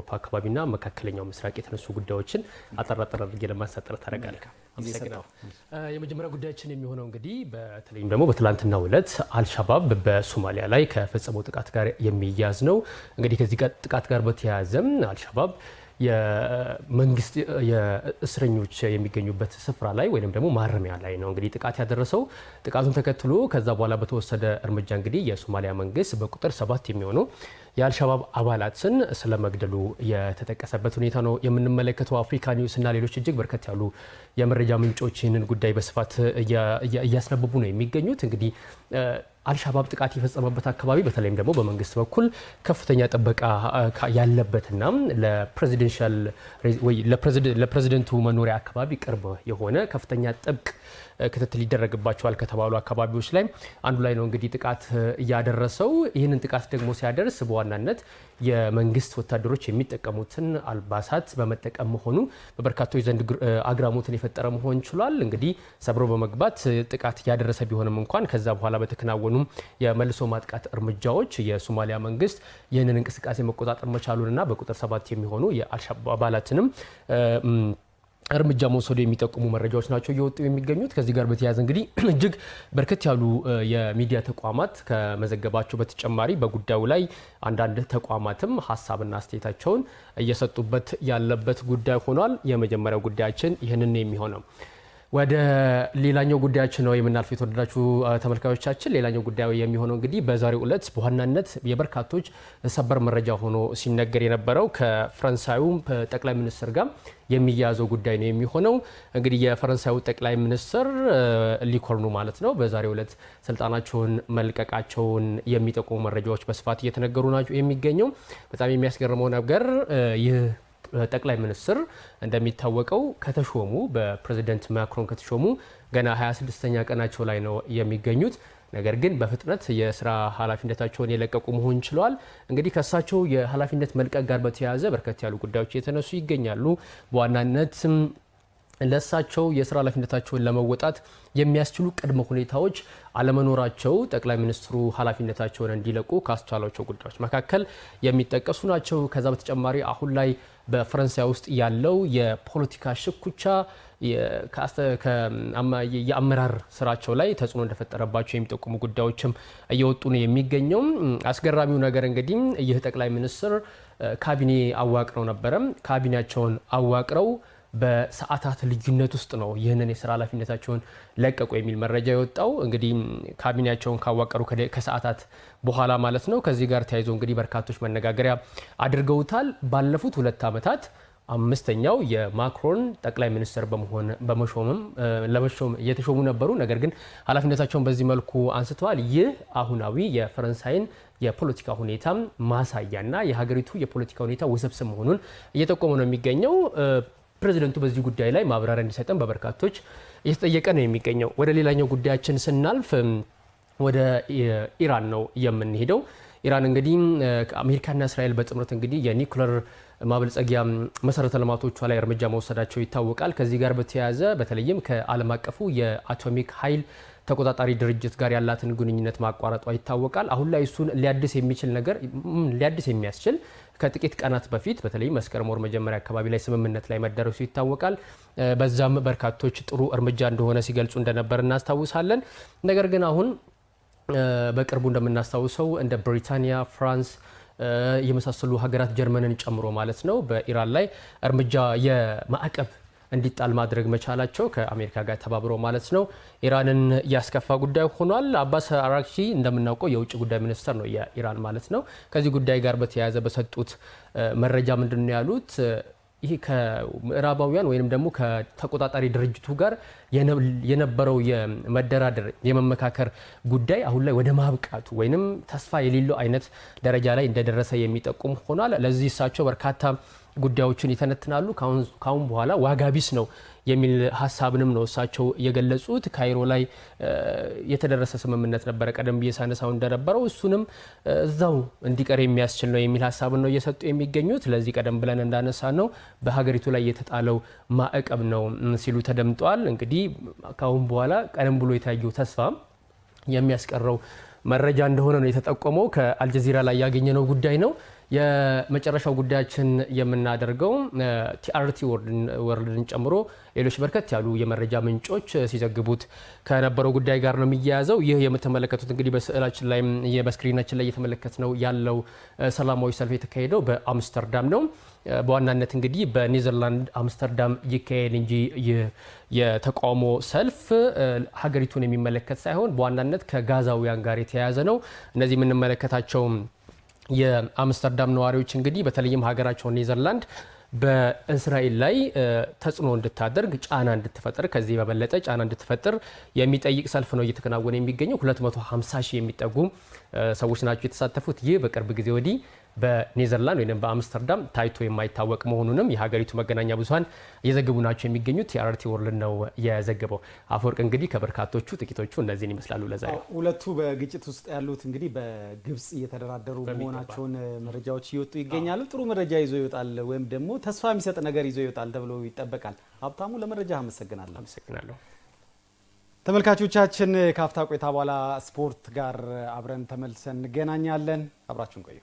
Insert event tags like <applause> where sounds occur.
አውሮፓ አካባቢና መካከለኛው ምስራቅ የተነሱ ጉዳዮችን አጠራጠር አድርጌ ለማንሳት ጥረት አደርጋለሁ። የመጀመሪያ ጉዳያችን የሚሆነው እንግዲህ በተለይም ደግሞ በትላንትናው ዕለት አልሻባብ በሶማሊያ ላይ ከፈጸመው ጥቃት ጋር የሚያያዝ ነው። እንግዲህ ከዚህ ጥቃት ጋር በተያያዘም አልሻባብ የመንግስት የእስረኞች የሚገኙበት ስፍራ ላይ ወይም ደግሞ ማረሚያ ላይ ነው እንግዲህ ጥቃት ያደረሰው። ጥቃቱን ተከትሎ ከዛ በኋላ በተወሰደ እርምጃ እንግዲህ የሶማሊያ መንግስት በቁጥር ሰባት የሚሆኑ የአልሸባብ አባላትን ስለመግደሉ የተጠቀሰበት ሁኔታ ነው የምንመለከተው። አፍሪካ ኒውስ እና ሌሎች እጅግ በርከት ያሉ የመረጃ ምንጮች ይህንን ጉዳይ በስፋት እያስነብቡ ነው የሚገኙት እንግዲህ አልሻባብ ጥቃት የፈጸመበት አካባቢ በተለይም ደግሞ በመንግስት በኩል ከፍተኛ ጥበቃ ያለበትና ለፕሬዚደንቱ መኖሪያ አካባቢ ቅርብ የሆነ ከፍተኛ ጥብቅ ክትትል ይደረግባቸዋል ከተባሉ አካባቢዎች ላይ አንዱ ላይ ነው እንግዲህ ጥቃት እያደረሰው። ይህንን ጥቃት ደግሞ ሲያደርስ በዋናነት የመንግስት ወታደሮች የሚጠቀሙትን አልባሳት በመጠቀም መሆኑ በበርካቶች ዘንድ አግራሞትን የፈጠረ መሆን ችሏል። እንግዲህ ሰብሮ በመግባት ጥቃት እያደረሰ ቢሆንም እንኳን ከዛ በኋላ በተከናወኑ የሚሆኑም የመልሶ ማጥቃት እርምጃዎች የሶማሊያ መንግስት ይህንን እንቅስቃሴ መቆጣጠር መቻሉንና በቁጥር ሰባት የሚሆኑ የአልሻባብ አባላትንም እርምጃ መውሰዱ የሚጠቁሙ መረጃዎች ናቸው እየወጡ የሚገኙት። ከዚህ ጋር በተያያዘ እንግዲህ <clears throat> እጅግ በርከት ያሉ የሚዲያ ተቋማት ከመዘገባቸው በተጨማሪ በጉዳዩ ላይ አንዳንድ ተቋማትም ሀሳብና አስተያየታቸውን እየሰጡበት ያለበት ጉዳይ ሆኗል። የመጀመሪያው ጉዳያችን ይህንን የሚሆነው ወደ ሌላኛው ጉዳያችን ነው የምናልፈው። የተወደዳችሁ ተመልካዮቻችን፣ ሌላኛው ጉዳዩ የሚሆነው እንግዲህ በዛሬው ዕለት በዋናነት የበርካቶች ሰበር መረጃ ሆኖ ሲነገር የነበረው ከፈረንሳዩ ጠቅላይ ሚኒስትር ጋር የሚያያዘው ጉዳይ ነው የሚሆነው። እንግዲህ የፈረንሳዩ ጠቅላይ ሚኒስትር ሊኮርኑ ማለት ነው በዛሬው ዕለት ስልጣናቸውን መልቀቃቸውን የሚጠቁሙ መረጃዎች በስፋት እየተነገሩ ናቸው የሚገኘው። በጣም የሚያስገርመው ነገር ይህ ጠቅላይ ሚኒስትር እንደሚታወቀው ከተሾሙ በፕሬዚደንት ማክሮን ከተሾሙ ገና 26ኛ ቀናቸው ላይ ነው የሚገኙት። ነገር ግን በፍጥነት የስራ ኃላፊነታቸውን የለቀቁ መሆን ችለዋል። እንግዲህ ከእሳቸው የኃላፊነት መልቀቅ ጋር በተያያዘ በርከት ያሉ ጉዳዮች የተነሱ ይገኛሉ። በዋናነትም ለእሳቸው የስራ ኃላፊነታቸውን ለመወጣት የሚያስችሉ ቅድመ ሁኔታዎች አለመኖራቸው ጠቅላይ ሚኒስትሩ ኃላፊነታቸውን እንዲለቁ ካስቻሏቸው ጉዳዮች መካከል የሚጠቀሱ ናቸው። ከዛ በተጨማሪ አሁን ላይ በፈረንሳይ ውስጥ ያለው የፖለቲካ ሽኩቻ የአመራር ስራቸው ላይ ተጽዕኖ እንደፈጠረባቸው የሚጠቁሙ ጉዳዮችም እየወጡ ነው የሚገኘው። አስገራሚው ነገር እንግዲህ ይህ ጠቅላይ ሚኒስትር ካቢኔ አዋቅረው ነበረም ካቢኔያቸውን አዋቅረው በሰዓታት ልዩነት ውስጥ ነው ይህንን የስራ ኃላፊነታቸውን ለቀቁ የሚል መረጃ የወጣው። እንግዲህ ካቢኔያቸውን ካዋቀሩ ከሰዓታት በኋላ ማለት ነው። ከዚህ ጋር ተያይዞ እንግዲህ በርካቶች መነጋገሪያ አድርገውታል። ባለፉት ሁለት ዓመታት አምስተኛው የማክሮን ጠቅላይ ሚኒስትር በመሆን በመሾምም ለመሾም እየተሾሙ ነበሩ። ነገር ግን ኃላፊነታቸውን በዚህ መልኩ አንስተዋል። ይህ አሁናዊ የፈረንሳይን የፖለቲካ ሁኔታ ማሳያና የሀገሪቱ የፖለቲካ ሁኔታ ውስብስብ መሆኑን እየጠቆመ ነው የሚገኘው። ፕሬዚደንቱ በዚህ ጉዳይ ላይ ማብራሪያ እንዲሰጠን በበርካቶች እየተጠየቀ ነው የሚገኘው። ወደ ሌላኛው ጉዳያችን ስናልፍ ወደ ኢራን ነው የምንሄደው። ኢራን እንግዲህ አሜሪካና እስራኤል በጥምረት እንግዲህ የኒኩለር ማበልጸጊያ መሰረተ ልማቶቿ ላይ እርምጃ መውሰዳቸው ይታወቃል። ከዚህ ጋር በተያያዘ በተለይም ከዓለም አቀፉ የአቶሚክ ኃይል ተቆጣጣሪ ድርጅት ጋር ያላትን ግንኙነት ማቋረጧ ይታወቃል። አሁን ላይ እሱን ሊያድስ የሚችል ነገር ሊያድስ የሚያስችል ከጥቂት ቀናት በፊት በተለይ መስከረም ወር መጀመሪያ አካባቢ ላይ ስምምነት ላይ መደረሱ ይታወቃል። በዛም በርካቶች ጥሩ እርምጃ እንደሆነ ሲገልጹ እንደነበር እናስታውሳለን። ነገር ግን አሁን በቅርቡ እንደምናስታውሰው እንደ ብሪታንያ፣ ፍራንስ የመሳሰሉ ሀገራት ጀርመንን ጨምሮ ማለት ነው በኢራን ላይ እርምጃ የማዕቀብ እንዲጣል ማድረግ መቻላቸው ከአሜሪካ ጋር ተባብሮ ማለት ነው ኢራንን ያስከፋ ጉዳይ ሆኗል። አባስ አራክሺ እንደምናውቀው የውጭ ጉዳይ ሚኒስትር ነው የኢራን ማለት ነው። ከዚህ ጉዳይ ጋር በተያያዘ በሰጡት መረጃ ምንድን ነው ያሉት? ይሄ ከምዕራባውያን ወይም ደግሞ ከተቆጣጣሪ ድርጅቱ ጋር የነበረው የመደራደር የመመካከር ጉዳይ አሁን ላይ ወደ ማብቃቱ ወይም ተስፋ የሌለው አይነት ደረጃ ላይ እንደደረሰ የሚጠቁም ሆኗል። ለዚህ እሳቸው በርካታ ጉዳዮችን ይተነትናሉ። ካሁን በኋላ ዋጋ ቢስ ነው የሚል ሀሳብንም ነው እሳቸው የገለጹት። ካይሮ ላይ የተደረሰ ስምምነት ነበረ፣ ቀደም ብዬ ሳነሳው እንደነበረው እሱንም እዛው እንዲቀር የሚያስችል ነው የሚል ሀሳብን ነው እየሰጡ የሚገኙት። ለዚህ ቀደም ብለን እንዳነሳ ነው በሀገሪቱ ላይ የተጣለው ማዕቀብ ነው ሲሉ ተደምጠዋል። እንግዲህ ካሁን በኋላ ቀደም ብሎ የታየው ተስፋ የሚያስቀረው መረጃ እንደሆነ ነው የተጠቆመው። ከአልጀዚራ ላይ ያገኘነው ጉዳይ ነው። የመጨረሻው ጉዳያችን የምናደርገው ቲአርቲ ወርልድን ጨምሮ ሌሎች በርከት ያሉ የመረጃ ምንጮች ሲዘግቡት ከነበረው ጉዳይ ጋር ነው የሚያያዘው። ይህ የምትመለከቱት እንግዲህ በስዕላችን ላይ በስክሪናችን ላይ እየተመለከት ነው ያለው ሰላማዊ ሰልፍ የተካሄደው በአምስተርዳም ነው። በዋናነት እንግዲህ በኔዘርላንድ አምስተርዳም ይካሄድ እንጂ የተቃውሞ ሰልፍ ሀገሪቱን የሚመለከት ሳይሆን በዋናነት ከጋዛውያን ጋር የተያያዘ ነው። እነዚህ የምንመለከታቸው የአምስተርዳም ነዋሪዎች እንግዲህ በተለይም ሀገራቸው ኔዘርላንድ በእስራኤል ላይ ተጽዕኖ እንድታደርግ ጫና እንድትፈጥር ከዚህ በበለጠ ጫና እንድትፈጥር የሚጠይቅ ሰልፍ ነው እየተከናወነ የሚገኘው። 250 ሺህ የሚጠጉ ሰዎች ናቸው የተሳተፉት። ይህ በቅርብ ጊዜ ወዲህ በኔዘርላንድ ወይም በአምስተርዳም ታይቶ የማይታወቅ መሆኑንም የሀገሪቱ መገናኛ ብዙኃን እየዘገቡ ናቸው የሚገኙት። የአረርቲ ወርልድ ነው የዘገበው። አፈወርቅ እንግዲህ ከበርካቶቹ ጥቂቶቹ እነዚህን ይመስላሉ። ለዛ ሁለቱ በግጭት ውስጥ ያሉት እንግዲህ በግብጽ እየተደራደሩ መሆናቸውን መረጃዎች እየወጡ ይገኛሉ። ጥሩ መረጃ ይዞ ይወጣል ወይም ደግሞ ተስፋ የሚሰጥ ነገር ይዞ ይወጣል ተብሎ ይጠበቃል። ሀብታሙ ለመረጃ አመሰግናለሁ። አመሰግናለሁ። ተመልካቾቻችን ከአፍታ ቆይታ በኋላ ስፖርት ጋር አብረን ተመልሰን እንገናኛለን። አብራችሁን ቆዩ።